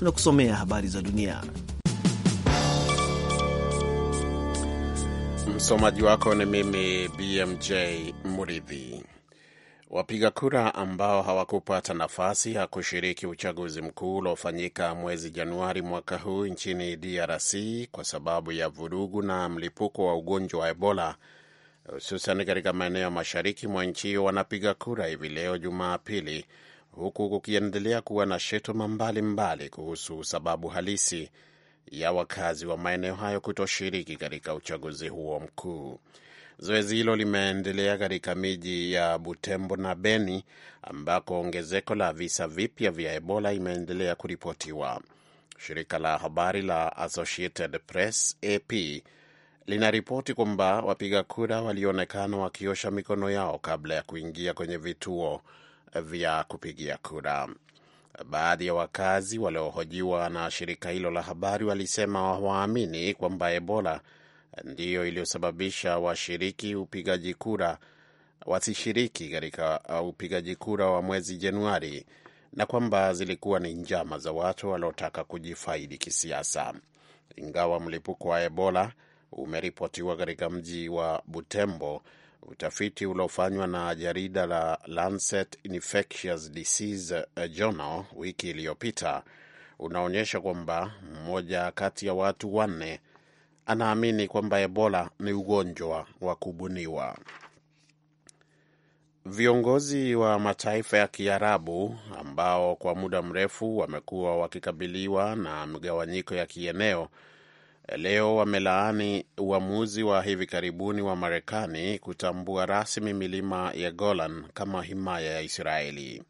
tunakusomea habari za dunia. Msomaji wako ni mimi BMJ Muridhi. Wapiga kura ambao hawakupata nafasi ya kushiriki uchaguzi mkuu uliofanyika mwezi Januari mwaka huu nchini DRC kwa sababu ya vurugu na mlipuko wa ugonjwa wa Ebola hususan katika maeneo ya mashariki mwa nchi hiyo wanapiga kura hivi leo Jumapili huku kukiendelea kuwa na shutuma mbalimbali kuhusu sababu halisi ya wakazi wa maeneo hayo kutoshiriki katika uchaguzi huo mkuu. Zoezi hilo limeendelea katika miji ya Butembo na Beni ambako ongezeko la visa vipya vya Ebola imeendelea kuripotiwa. Shirika la habari la Associated Press AP linaripoti kwamba wapiga kura walionekana wakiosha mikono yao kabla ya kuingia kwenye vituo vya kupigia kura. Baadhi ya wakazi waliohojiwa na shirika hilo la habari walisema hawaamini kwamba Ebola ndiyo iliyosababisha washiriki upigaji kura wasishiriki katika uh, upigaji kura wa mwezi Januari na kwamba zilikuwa ni njama za watu waliotaka kujifaidi kisiasa. Ingawa mlipuko wa Ebola umeripotiwa katika mji wa Butembo Utafiti uliofanywa na jarida la Lancet Infectious Disease Journal wiki iliyopita unaonyesha kwamba mmoja kati ya watu wanne anaamini kwamba Ebola ni ugonjwa wa kubuniwa. Viongozi wa mataifa ya Kiarabu ambao kwa muda mrefu wamekuwa wakikabiliwa na migawanyiko ya kieneo leo wamelaani uamuzi wa hivi karibuni wa Marekani kutambua rasmi milima ya Golan kama himaya ya Israeli.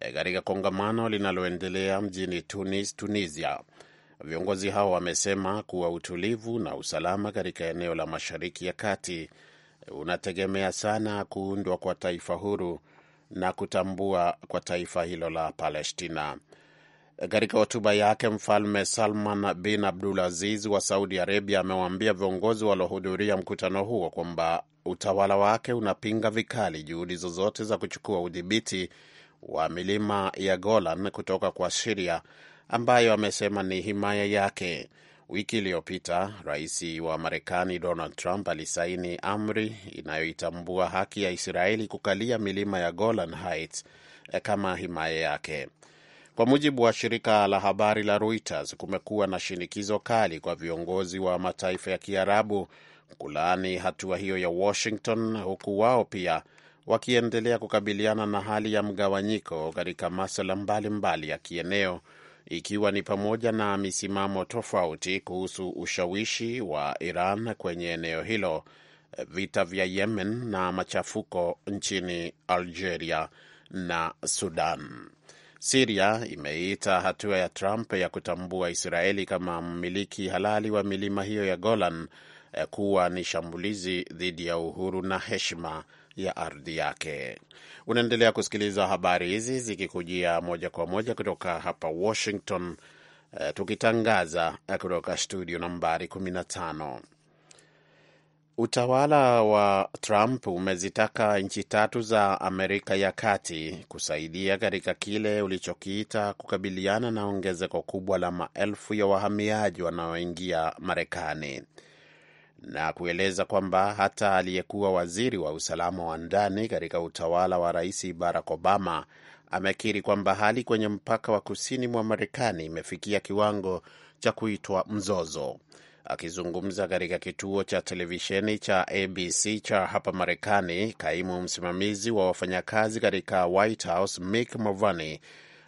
E, katika kongamano linaloendelea mjini Tunis, Tunisia, viongozi hao wamesema kuwa utulivu na usalama katika eneo la Mashariki ya Kati unategemea sana kuundwa kwa taifa huru na kutambua kwa taifa hilo la Palestina. Katika hotuba yake Mfalme Salman bin abdul aziz wa Saudi Arabia amewaambia viongozi waliohudhuria mkutano huo kwamba utawala wake unapinga vikali juhudi zozote za kuchukua udhibiti wa milima ya Golan kutoka kwa Siria ambayo amesema ni himaya yake. Wiki iliyopita rais wa Marekani Donald Trump alisaini amri inayoitambua haki ya Israeli kukalia milima ya Golan Heights eh, kama himaya yake. Kwa mujibu wa shirika la habari la Reuters, kumekuwa na shinikizo kali kwa viongozi wa mataifa ya Kiarabu kulaani hatua hiyo ya Washington, huku wao pia wakiendelea kukabiliana na hali ya mgawanyiko katika masuala mbalimbali ya kieneo ikiwa ni pamoja na misimamo tofauti kuhusu ushawishi wa Iran kwenye eneo hilo, vita vya Yemen na machafuko nchini Algeria na Sudan. Siria imeita hatua ya Trump ya kutambua Israeli kama mmiliki halali wa milima hiyo ya Golan eh, kuwa ni shambulizi dhidi ya uhuru na heshima ya ardhi yake. Unaendelea kusikiliza habari hizi zikikujia moja kwa moja kutoka hapa Washington, eh, tukitangaza eh, kutoka studio nambari 15. Utawala wa Trump umezitaka nchi tatu za Amerika ya Kati kusaidia katika kile ulichokiita kukabiliana na ongezeko kubwa la maelfu ya wahamiaji wanaoingia Marekani na kueleza kwamba hata aliyekuwa waziri wa usalama wa ndani katika utawala wa Rais Barack Obama amekiri kwamba hali kwenye mpaka wa kusini mwa Marekani imefikia kiwango cha kuitwa mzozo. Akizungumza katika kituo cha televisheni cha ABC cha hapa Marekani, kaimu msimamizi wa wafanyakazi katika White House Mick Mulvaney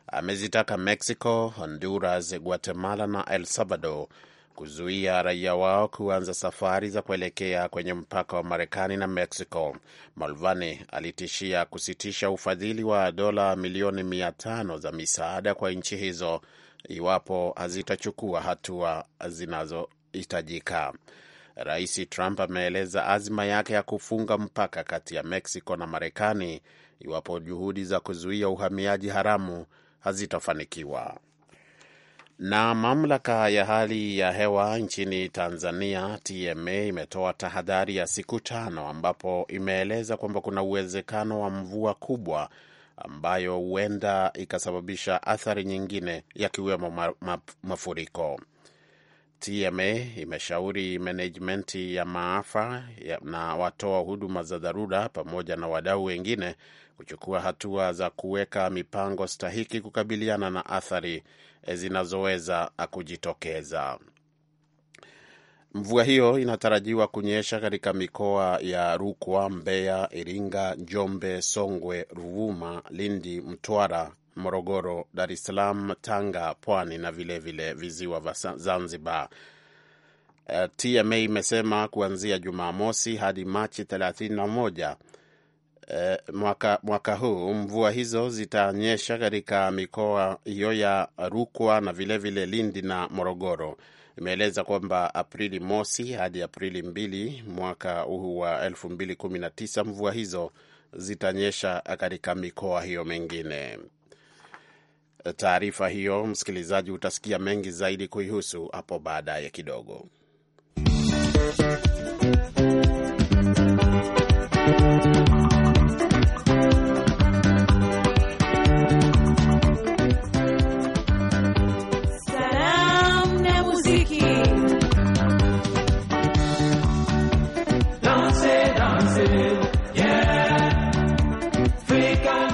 amezitaka Mexico, Honduras, Guatemala na El Salvador kuzuia raia wao kuanza safari za kuelekea kwenye mpaka wa Marekani na Mexico. Malvani alitishia kusitisha ufadhili wa dola milioni mia tano za misaada kwa nchi hizo iwapo hazitachukua hatua zinazo hitajika Rais Trump ameeleza azma yake ya kufunga mpaka kati ya Mexico na Marekani iwapo juhudi za kuzuia uhamiaji haramu hazitafanikiwa. Na mamlaka ya hali ya hewa nchini Tanzania, TMA, imetoa tahadhari ya siku tano, ambapo imeeleza kwamba kuna uwezekano wa mvua kubwa ambayo huenda ikasababisha athari nyingine yakiwemo mafuriko. TMA imeshauri menejmenti ya maafa na watoa huduma za dharura pamoja na wadau wengine kuchukua hatua za kuweka mipango stahiki kukabiliana na athari eh, zinazoweza ah, kujitokeza. Mvua hiyo inatarajiwa kunyesha katika mikoa ya Rukwa, Mbeya, Iringa, Njombe, Songwe, Ruvuma, Lindi, Mtwara, Morogoro, Dar es Salaam, Tanga, Pwani na vilevile vile viziwa vya Zanzibar. Eh, TMA imesema kuanzia Jumamosi hadi Machi 31 E, eh, mwaka, mwaka huu mvua hizo zitanyesha katika mikoa hiyo ya Rukwa na vilevile vile Lindi na Morogoro. Imeeleza kwamba Aprili mosi hadi Aprili mbili mwaka huu wa tisa mvua hizo zitanyesha katika mikoa hiyo mingine taarifa hiyo, msikilizaji, utasikia mengi zaidi kuihusu hapo baadaye kidogo.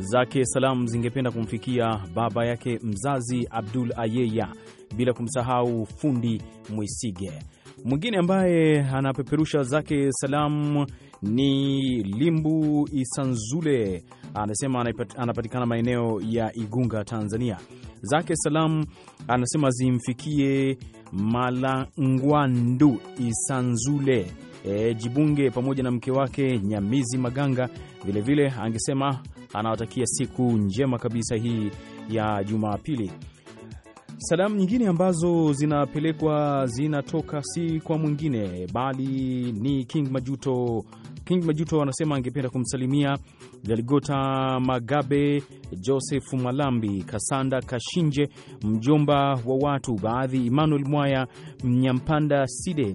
zake salamu zingependa kumfikia baba yake mzazi Abdul Ayeya, bila kumsahau fundi Mwisige. Mwingine ambaye anapeperusha zake salamu ni Limbu Isanzule, anasema anapatikana maeneo ya Igunga, Tanzania. Zake salamu anasema zimfikie Malangwandu Isanzule, e, Jibunge pamoja na mke wake Nyamizi Maganga. Vilevile vile, angesema anawatakia siku njema kabisa hii ya Jumapili. Salamu nyingine ambazo zinapelekwa zinatoka si kwa mwingine bali ni King Majuto. King Majuto anasema angependa kumsalimia Galigota Magabe, Joseph Malambi, Kasanda Kashinje, mjomba wa watu baadhi, Emmanuel Mwaya, Mnyampanda Side,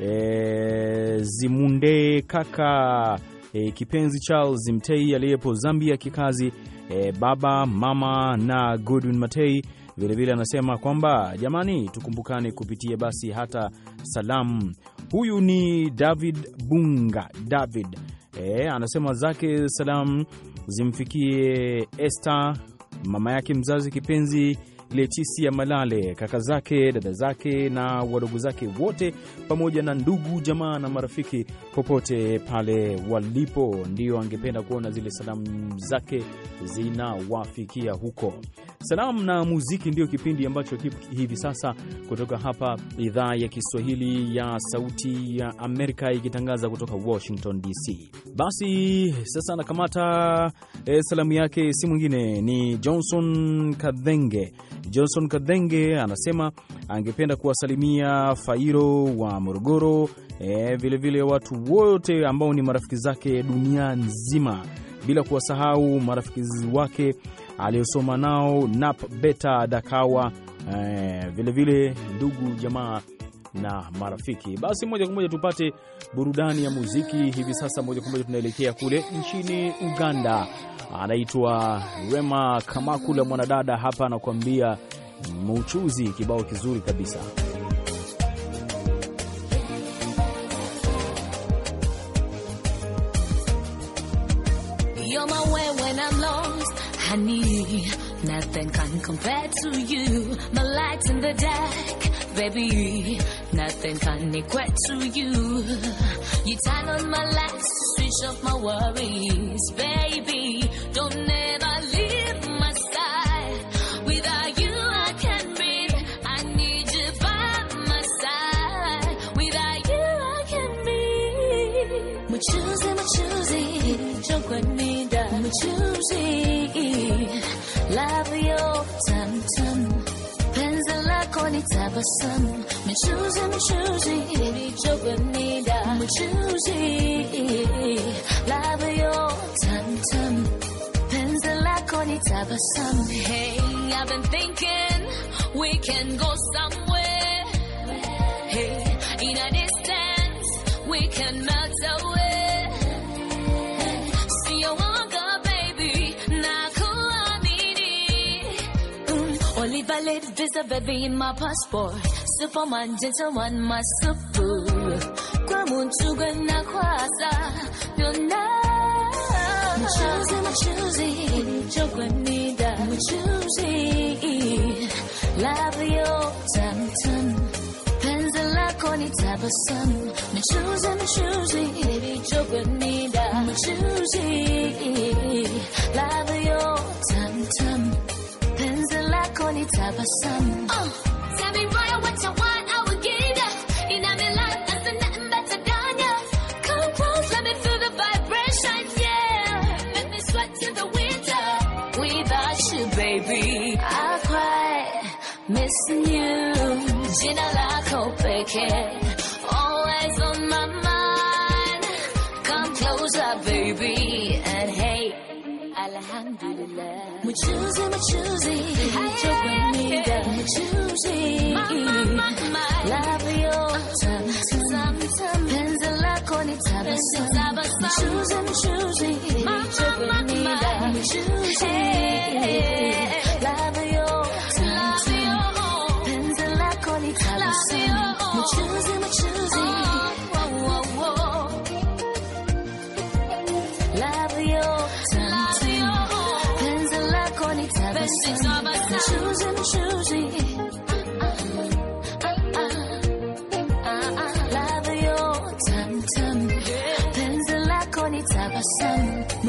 e, Zimunde Kaka e, Kipenzi Charles Mtei aliyepo Zambia kikazi e, baba mama na Godwin Matei vilevile anasema kwamba jamani, tukumbukane kupitia basi hata salamu. Huyu ni David Bunga David e, anasema zake salamu zimfikie Esther mama yake mzazi kipenzi Letisia Malale, kaka zake, dada zake na wadogo zake wote, pamoja na ndugu jamaa na marafiki popote pale walipo, ndio angependa kuona zile salamu zake zinawafikia huko. Salamu na muziki ndio kipindi ambacho kipo hivi sasa kutoka hapa idhaa ya Kiswahili ya Sauti ya Amerika ikitangaza kutoka Washington DC. Basi sasa anakamata e, eh, salamu yake si mwingine ni Johnson Kadhenge Johnson Kadhenge anasema angependa kuwasalimia Fairo wa Morogoro, vilevile vile watu wote ambao ni marafiki zake dunia nzima, bila kuwasahau marafiki wake aliyosoma nao nap beta Dakawa, vilevile vile ndugu jamaa na marafiki. Basi moja kwa moja tupate burudani ya muziki hivi sasa. Moja kwa moja tunaelekea kule nchini Uganda anaitwa Rema Kamakula, mwanadada hapa anakuambia mchuzi, kibao kizuri kabisa. You're my way when I'm lost, honey. baby. Nothing can equate to you. You turn on my lights, switch off my worries, baby. Don't 你太怕生，没出息，没出息，你就管你的没出息，来不用忐忑。Pensa lako ni sun. Hey, I've been thinking we can go somewhere. Hey, in a distance we can melt away. Only valid visa, baby, in my passport. Superman, gentleman, my super. Kwa muntuga na kwasa, yona. Mchuzi, mchuzi, chokwa nida. choosing, love your time, tamtam. Penzi lako ni tabasamu. Mchuzi, mchuzi, baby, chokwa nida. Mchuzi, love your tamtam oh, Tell me right what you want I will give up. you 이 남의 life nothing nothing but a gun Come close let me feel the vibration. yeah Make me sweat till the winter Without you baby I cry missing you Jina la 고백해 Alhamdulillah. We're choosing, we're choosing. We're choosing. Labio tam tam tam. Penzi lako ni tabasamu. We're choosing, we're choosing. We're choosing.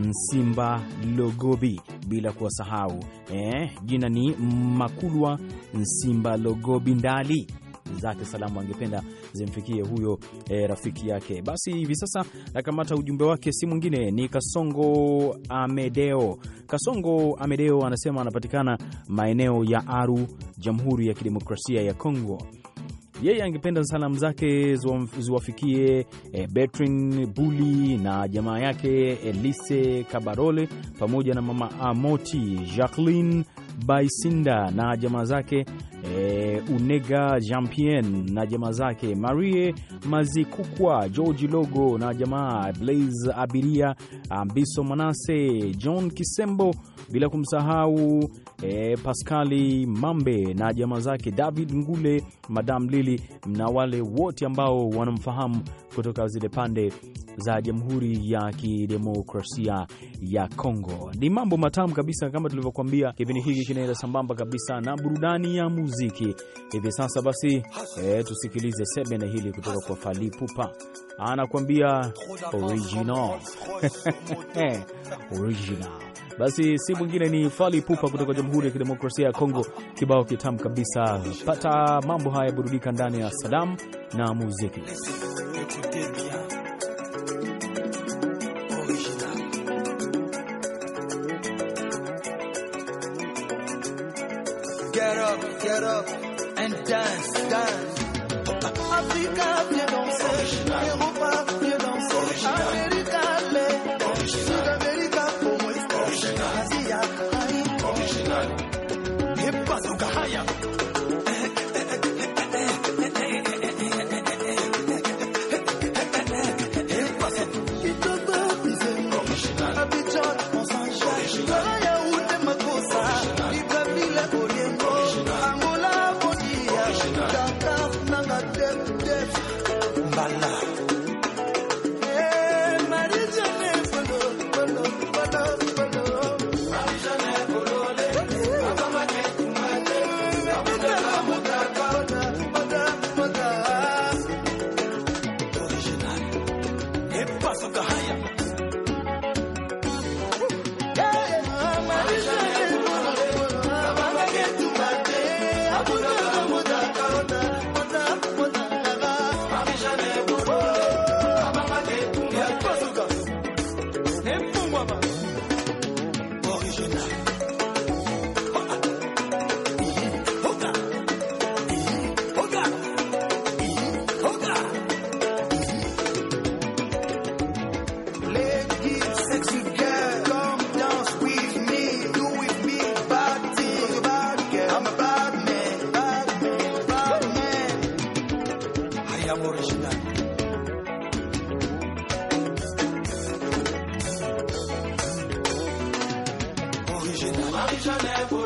Nsimba Logobi, bila kuwasahau eh, jina ni Makulwa Nsimba Logobi Ndali zake salamu angependa zimfikie huyo e, rafiki yake. Basi hivi sasa nakamata ujumbe wake, si mwingine ni Kasongo Amedeo. Kasongo Amedeo anasema anapatikana maeneo ya Aru, Jamhuri ya Kidemokrasia ya Kongo. Yeye angependa salamu zake ziwafikie e, eh, Betrin Buli na jamaa yake Elise Kabarole pamoja na mama Amoti Jacqueline Baisinda na jamaa zake e, Unega Jampien na jamaa zake, Marie Mazikukwa, George Logo na jamaa, Blaze Abiria, Ambiso Manase, John Kisembo, bila kumsahau e, eh, Paskali Mambe na jamaa zake, David Ngule, Madam Lili na wale wote ambao wanamfahamu kutoka zile pande za Jamhuri ya Kidemokrasia ya Kongo. Ni mambo matamu kabisa, kama tulivyokuambia, kipindi hiki kinaenda sambamba kabisa na burudani ya muziki muziki hivi sasa. Basi e, tusikilize sebene hili kutoka kwa falipupa Ipupa, anakuambia original original. Basi si mwingine ni Fali Pupa kutoka Jamhuri ya Kidemokrasia ya Kongo, kibao kitamu kabisa. Pata mambo haya, burudika ndani ya Salam na muziki dance, dance. National. Original. Marie-Jeanne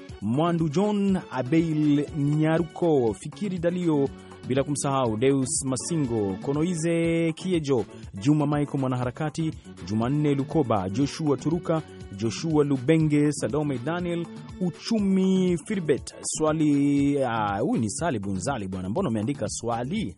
Mwandu John Abeil Nyaruko, Fikiri Dalio, bila kumsahau Deus Masingo, Konoize Kiejo, Juma Maiko mwanaharakati, Jumanne Lukoba, Joshua Turuka, Joshua Lubenge, Salome Daniel Uchumi, Firbet Swali. Ah, huyu uh, ni Sali Bunzali bwana, mbona umeandika Swali?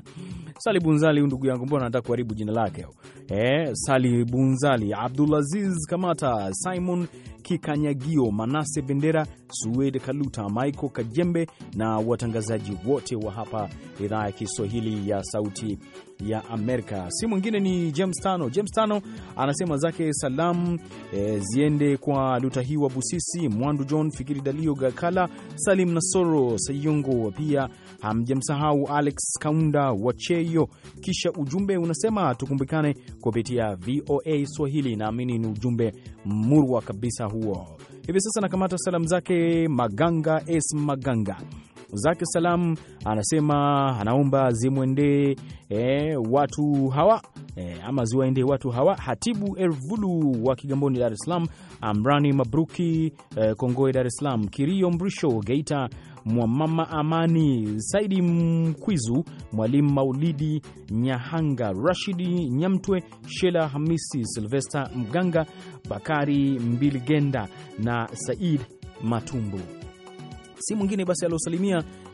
Sali Bunzali huyu ndugu yangu, mbona anataka kuharibu jina lake eh? Sali Bunzali, Abdulaziz Kamata, Simon Kikanyagio, Manase Bendera, Suwed Kaluta, Michael Kajembe na watangazaji wote wa hapa idhaa ya Kiswahili ya Sauti ya Amerika. Si mwingine ni James Tano. James Tano anasema zake salamu e, ziende kwa Luta Lutahiwa Busisi, Mwandu John, Fikiri Dalio, Gakala Salim, Nasoro Sayungo, pia hamjamsahau Alex Kaunda Wacheyo. Kisha ujumbe unasema tukumbikane kupitia VOA Swahili. Naamini ni ujumbe murwa kabisa huo. Hivi sasa nakamata salamu zake Maganga S Maganga zake salamu anasema anaomba zimwendee eh, watu hawa e, ama ziwaendee watu hawa: Hatibu Elvulu wa Kigamboni, Dar es Salaam, Amrani Mabruki e, Kongoe, Dar es Salaam, Kirio Mrisho Geita, Mwamama Amani Saidi, Mkwizu Mwalimu, Maulidi Nyahanga, Rashidi Nyamtwe, Shela Hamisi, Silvesta Mganga, Bakari Mbiligenda na Said Matumbu si mwingine basi aliosalimia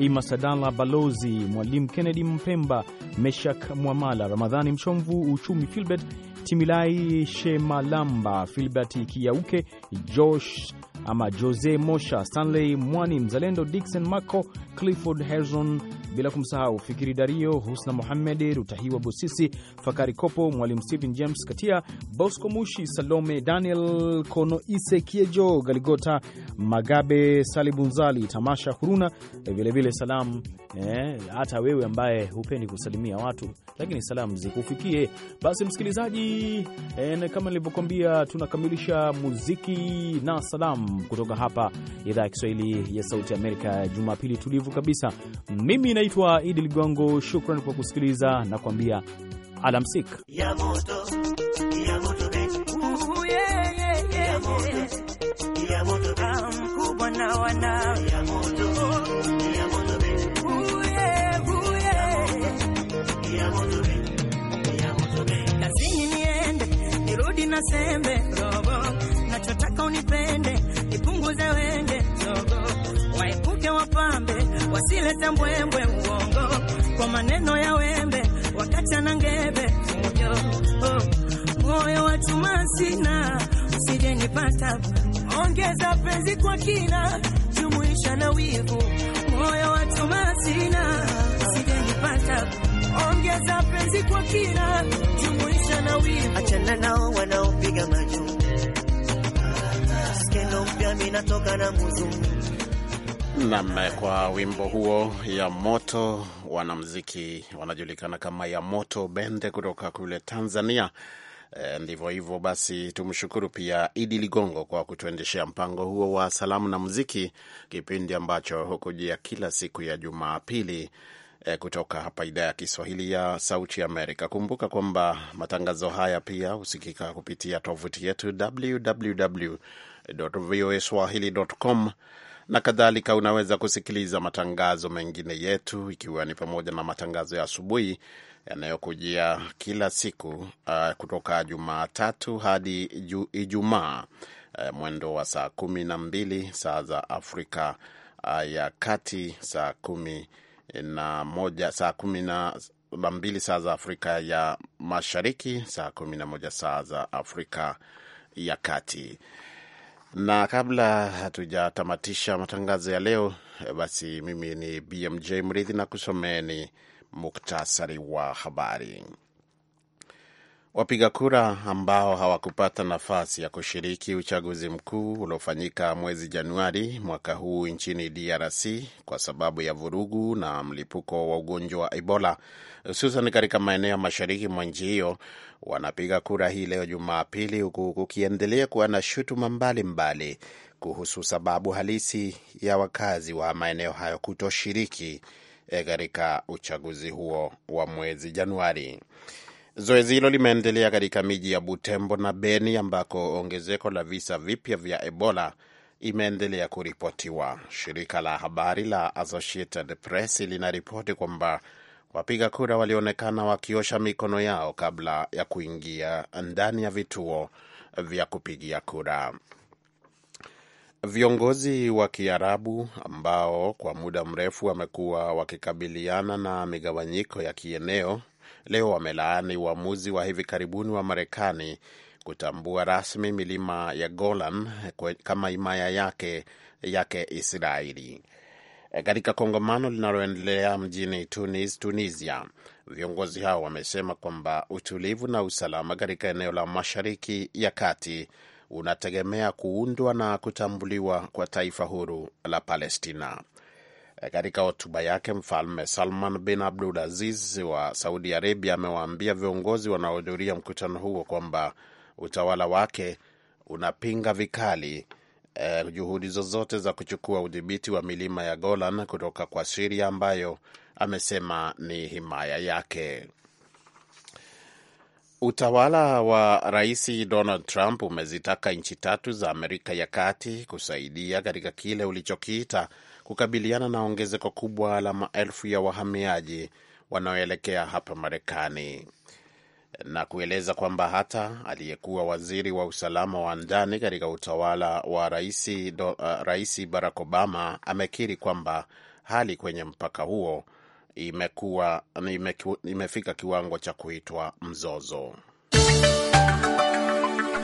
Imasadala Balozi, Mwalimu Kennedy Mpemba, Meshak Mwamala, Ramadhani Mchomvu, Uchumi Filbert Timilai, Shemalamba Filbert Kiauke, Josh ama Jose Mosha, Stanley Mwani, Mzalendo Dixon Mako Clifford Hezron, bila kumsahau Fikiri Dario, Husna Mohamed, Rutahiwa Busisi, Fakari Kopo, Mwalimu Stephen James Katia, Bosco Mushi, Salome Daniel Konoise, Kiejo Galigota, Magabe Salibunzali, Tamasha Huruna, vilevile salamu eh, hata eh, wewe ambaye hupendi kusalimia watu lakini salamu zikufikie basi, msikilizaji eh, kama nilivyokuambia, tunakamilisha muziki na salamu kutoka hapa idhaa ya Kiswahili ya Sauti Amerika, Jumapili tulivu tukufu kabisa. Mimi naitwa Idi Ligongo, shukran kwa kusikiliza na kuambia alamsik ya mbwembwe uongo kwa maneno ya wembe wakati ana ngebe fujo oh. Moyo wa chuma sina, usije nipata, ongeza penzi kwa kina, jumuisha na wivu. Moyo wa chuma sina, usije nipata, ongeza penzi kwa kina, jumuisha na wivu. Achana nao wanaopiga majumbe, skendo mpya minatoka na muzungu Nam, kwa wimbo huo ya moto, wanamziki wanajulikana kama ya moto bende kutoka kule Tanzania. E, ndivyo hivyo basi. Tumshukuru pia Idi Ligongo kwa kutuendeshea mpango huo wa salamu na muziki, kipindi ambacho hukujia kila siku ya Jumapili e, kutoka hapa idhaa ya Kiswahili ya Sauti Amerika. Kumbuka kwamba matangazo haya pia husikika kupitia tovuti yetu www voa swahili.com na kadhalika. Unaweza kusikiliza matangazo mengine yetu ikiwa ni pamoja na matangazo ya asubuhi yanayokujia kila siku uh, kutoka Jumatatu hadi Ijumaa uh, mwendo wa saa kumi na mbili saa za Afrika uh, ya Kati, saa kumi na moja saa kumi na mbili saa za Afrika ya Mashariki, saa kumi na moja saa za Afrika ya Kati na kabla hatujatamatisha matangazo ya leo, eh, basi mimi ni BMJ Mridhi na kusomeni muktasari wa habari. Wapiga kura ambao hawakupata nafasi ya kushiriki uchaguzi mkuu uliofanyika mwezi Januari mwaka huu nchini DRC kwa sababu ya vurugu na mlipuko wa ugonjwa wa Ebola hususan katika maeneo mashariki mwa nchi hiyo wanapiga kura hii leo Jumapili, huku kukiendelea kuwa na shutuma mbalimbali kuhusu sababu halisi ya wakazi wa maeneo hayo kutoshiriki eh, katika uchaguzi huo wa mwezi Januari. Zoezi hilo limeendelea katika miji ya Butembo na Beni ambako ongezeko la visa vipya vya Ebola imeendelea kuripotiwa. Shirika la habari la Associated Press linaripoti kwamba wapiga kura walionekana wakiosha mikono yao kabla ya kuingia ndani ya vituo vya kupigia kura. Viongozi wa Kiarabu ambao kwa muda mrefu wamekuwa wakikabiliana na migawanyiko ya kieneo leo wamelaani uamuzi wa hivi karibuni wa Marekani kutambua rasmi milima ya Golan kama himaya yake yake Israeli. E, katika kongamano linaloendelea mjini Tunis, Tunisia, viongozi hao wamesema kwamba utulivu na usalama katika eneo la Mashariki ya Kati unategemea kuundwa na kutambuliwa kwa taifa huru la Palestina. Eh, katika hotuba yake, Mfalme Salman bin Abdul Aziz wa Saudi Arabia amewaambia viongozi wanaohudhuria mkutano huo kwamba utawala wake unapinga vikali eh, juhudi zozote za kuchukua udhibiti wa milima ya Golan kutoka kwa Siria ambayo amesema ni himaya yake. Utawala wa Rais Donald Trump umezitaka nchi tatu za Amerika ya Kati kusaidia katika kile ulichokiita kukabiliana na ongezeko kubwa la maelfu ya wahamiaji wanaoelekea hapa Marekani na kueleza kwamba hata aliyekuwa waziri wa usalama wa ndani katika utawala wa raisi, do, uh, Rais Barack Obama amekiri kwamba hali kwenye mpaka huo imekuwa imefika kiwango cha kuitwa mzozo.